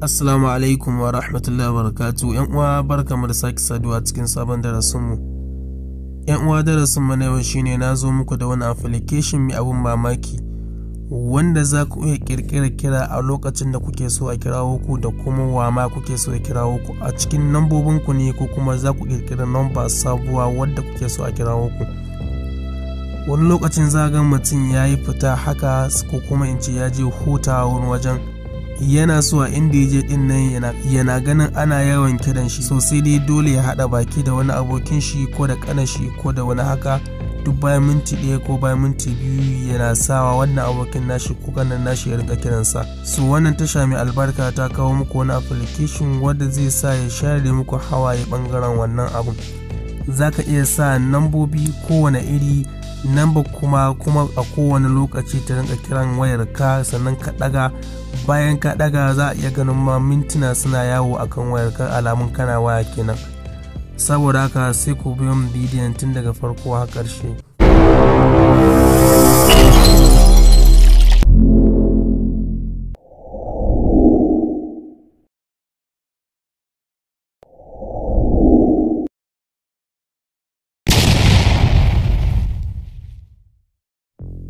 Assalamu alaikum wa rahmatullahi wa barakatu ‘yan uwa bar da sake saduwa cikin sabon darasinmu. ‘yan uwa darasinmu na yau shine na zo muku da wani application mai abun mamaki wanda za ku iya kirkira kira a lokacin da kuke so a kirawo ku da kuma wa ma kuke so a kirawo ku a cikin nambobinku ne ko kuma za ku kirkira namba sabuwa wadda kuke so a kirawo ku. Wani lokacin za ga mutum ya yi fita haka ko kuma in ce ya je hutawa wani wajen. yana so a inda ya je din nan yana ganin ana yawan kiran shi so dai dole ya haɗa baki da wani abokin shi ko da kanan ko da wani haka duk bayan minti ɗaya ko bayan minti biyu yana sawa wannan abokin nashi ko kanan nashi ya rinka kiransa su wannan tasha mai albarka ta kawo muku wani application wanda zai sa ya share muku hawaye bangaren wannan abun zaka iya sa nambobi kowane iri namba kuma kuma a kowane lokaci ta rinka kiran wayar ka sannan ka daga bayan ka daga za a iya ganin ma mintuna suna yawo akan wayar ka alamun kana waya kenan saboda haka sai ku biyan bidiyon tun daga farko har karshe.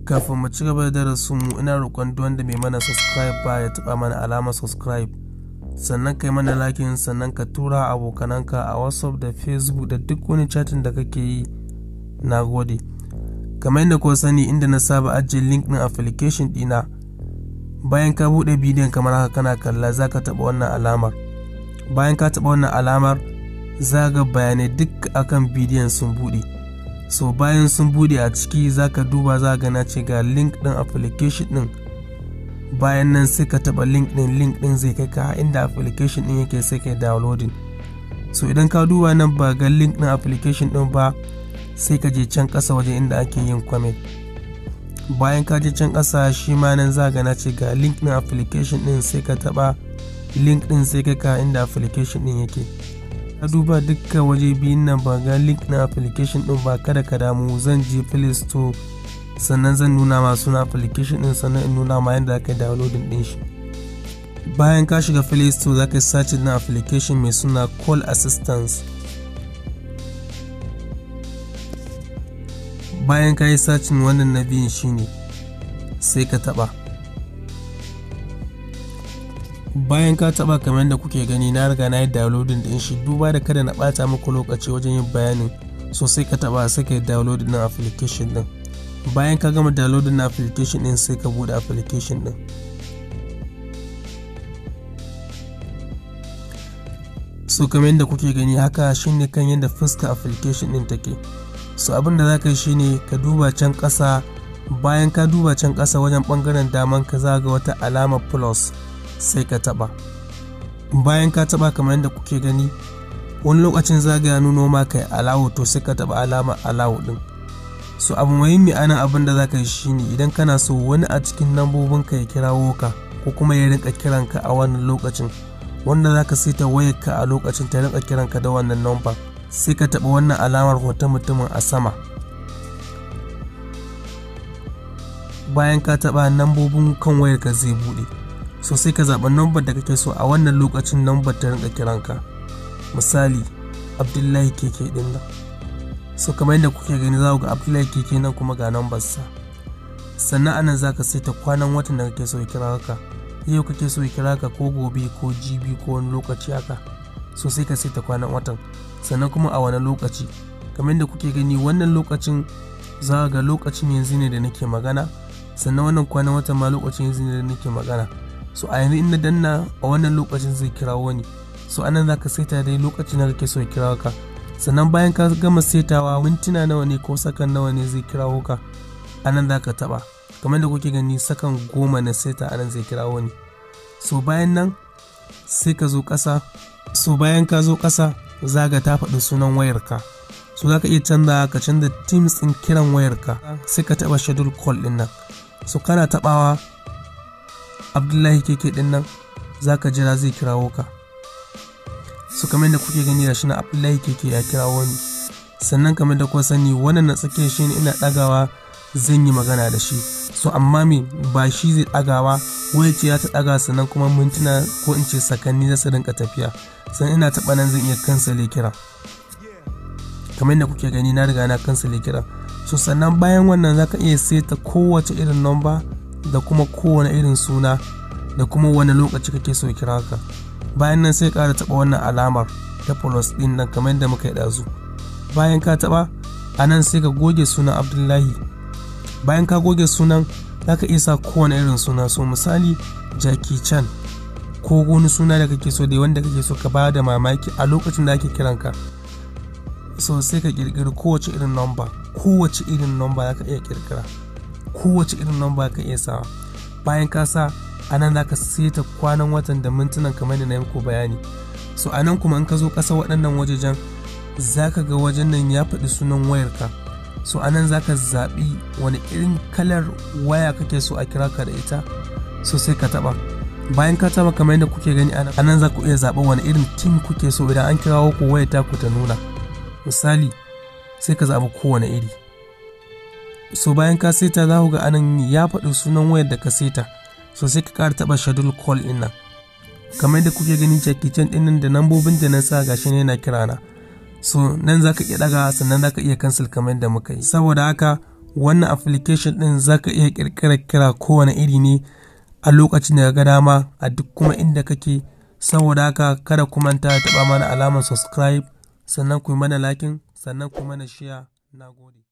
kafin mu ci gaba da darasin mu ina roƙon duk wanda bai mana subscribe ba ya taba mana alamar subscribe sannan kai mana like sannan ka tura abokananka a whatsapp da facebook da duk wani chatin da kake yi na gode kamar yadda ko sani inda na saba ajiye link na application ɗina bayan ka buɗe bidiyon kamar haka kana kalla za ka taɓa wannan alamar bayan ka taba wannan alamar za ga bayanai duk akan bidiyon sun buɗe so bayan sun bude a ciki za ka duba za ga gana ce ga link din application din bayan nan sai ka taba link din link din zai kai ka inda application din yake sai kai downloading so idan ka duba nan ba ga link din application din ba sai ka je can kasa waje inda ake yin comment bayan ka je can kasa shi ma nan za ga gana ce ga link din application din sai ka taba link din sai kai ka inda application din yake na duba dukkan waje biyun nan ba ga link na application din ba kada ka damu zan je play store sannan zan nuna ma suna application din sannan in nuna ma yadda aka downloading din shi bayan ka shiga play store za ka yi na application mai suna call assistance bayan ka yi searching wannan na biyun shine sai ka taba bayan ka taba kamar da kuke gani na riga na yi downloading din shi duba da kada na bata muku lokaci wajen yin bayanin so sai ka taba sai ka yi downloading na application din bayan ka gama downloading na application din sai ka bude application din so kamar yadda kuke gani haka shine kan yadda fuska application din take so abin da za ka yi shine ka duba can kasa bayan ka duba can kasa wajen bangaren daman ka zaga wata alama plus sai ka taɓa bayan ka taɓa kamar yadda kuke gani wani lokacin zagaya nuno ma kai alawo to sai ka taɓa alama alawo ɗin so abu muhimmi ana abin da za ka yi shine idan kana so wani a cikin lambobin ka ya kirawo ka ko kuma ya rinka kiran ka a wannan lokacin wanda za ka saita wayar ka a lokacin ta rinka kiran ka da wannan nomba sai ka taɓa wannan alamar hoton mutumin a sama bayan ka taɓa lambobin kan wayar ka zai buɗe so sai ka zaɓi nambar da kake so a wannan lokacin nambar ta rinka kiranka misali abdullahi keke ɗin nan so kamar yadda kuke gani za ga abdullahi keke nan kuma ga sa sannan anan za ka saita kwanan watan da kake so ya kira ka yau kake so ya kira ka ko gobe ko jibi ko wani lokaci haka so sai ka saita kwanan watan sannan kuma a wani lokaci kamar yadda kuke gani wannan lokacin za ga lokacin yanzu ne da nake magana sannan wannan kwanan watan ma lokacin yanzu ne da nake magana so a yanzu in na danna a wannan lokacin zai kirawo wani so anan zaka saita dai lokacin da kake so ya kirawo ka sannan bayan ka gama saitawa mintuna nawa ne ko sakan nawa ne zai kirawo ka anan zaka taba kamar da kuke gani sakan goma na saita anan zai kirawo wani so bayan nan sai ka zo kasa so bayan ka zo zaga ta faɗi sunan wayarka so za ka iya canza ka canza teams ɗin kiran wayarka sai ka taɓa schedule call ɗin nan so kana taɓawa abdullahi keke din nan za ka jira zai kirawo ka su kamar da kuke gani da shi na abdullahi keke ya kirawo ni sannan kamar da kuwa sani wannan na tsakiyar shi ina dagawa zan yi magana da shi so amma me ba shi zai dagawa wai ce ya ta daga sannan kuma mintuna ko in ce sakanni za su rinka tafiya sannan ina taɓa nan zan iya kansale kira kamar da kuke gani na riga na kansale kira so sannan bayan wannan zaka iya seta kowace irin nomba da kuma kowane irin suna da kuma wani lokaci kake so kira ka bayan nan sai kara taɓa wannan alamar ta plus ɗin nan kamar yadda muka yi ɗazu bayan ka taba anan nan sai ka goge sunan abdullahi bayan ka goge sunan za ka iya sa kowane irin suna so misali jackie chan ko wani suna da kake so dai wanda kake so ka bada mamaki a lokacin da ake kiranka so sai ka kirkiri kowace irin nomba kowace irin nomba za ka iya kirkira kowace irin lamba ka iya sawa bayan ka sa a nan za ka seta kwanan watan da mintunan kamar da na yi bayani so a nan kuma in ka zo ƙasa waɗannan wajejen za ga wajen nan ya faɗi sunan wayarka so a nan za zaɓi wani irin kalar waya kake so a kira ka da ita so sai ka taɓa bayan ka taɓa kamar yadda kuke gani a nan za ku iya zaɓa wani irin tim kuke so idan an kirawo ku wayar ta ku ta nuna misali sai ka zaɓi kowane iri so bayan ka seta za ga anan ya faɗi sunan wayar da ka seta so sai ka ƙara taɓa shadul call ɗin nan kamar da kuke gani cakican Chan ɗin nan da nambobin da na sa gashi ne yana kira na so nan za ka iya ɗaga sannan za ka iya cancel kamar da muka yi saboda haka wannan application ɗin za ka iya ƙirƙirar kira kowane iri ne a lokacin da ga dama a duk kuma inda kake saboda haka kada ku manta taɓa mana alamar subscribe sannan ku yi mana lakin sannan ku mana share na gode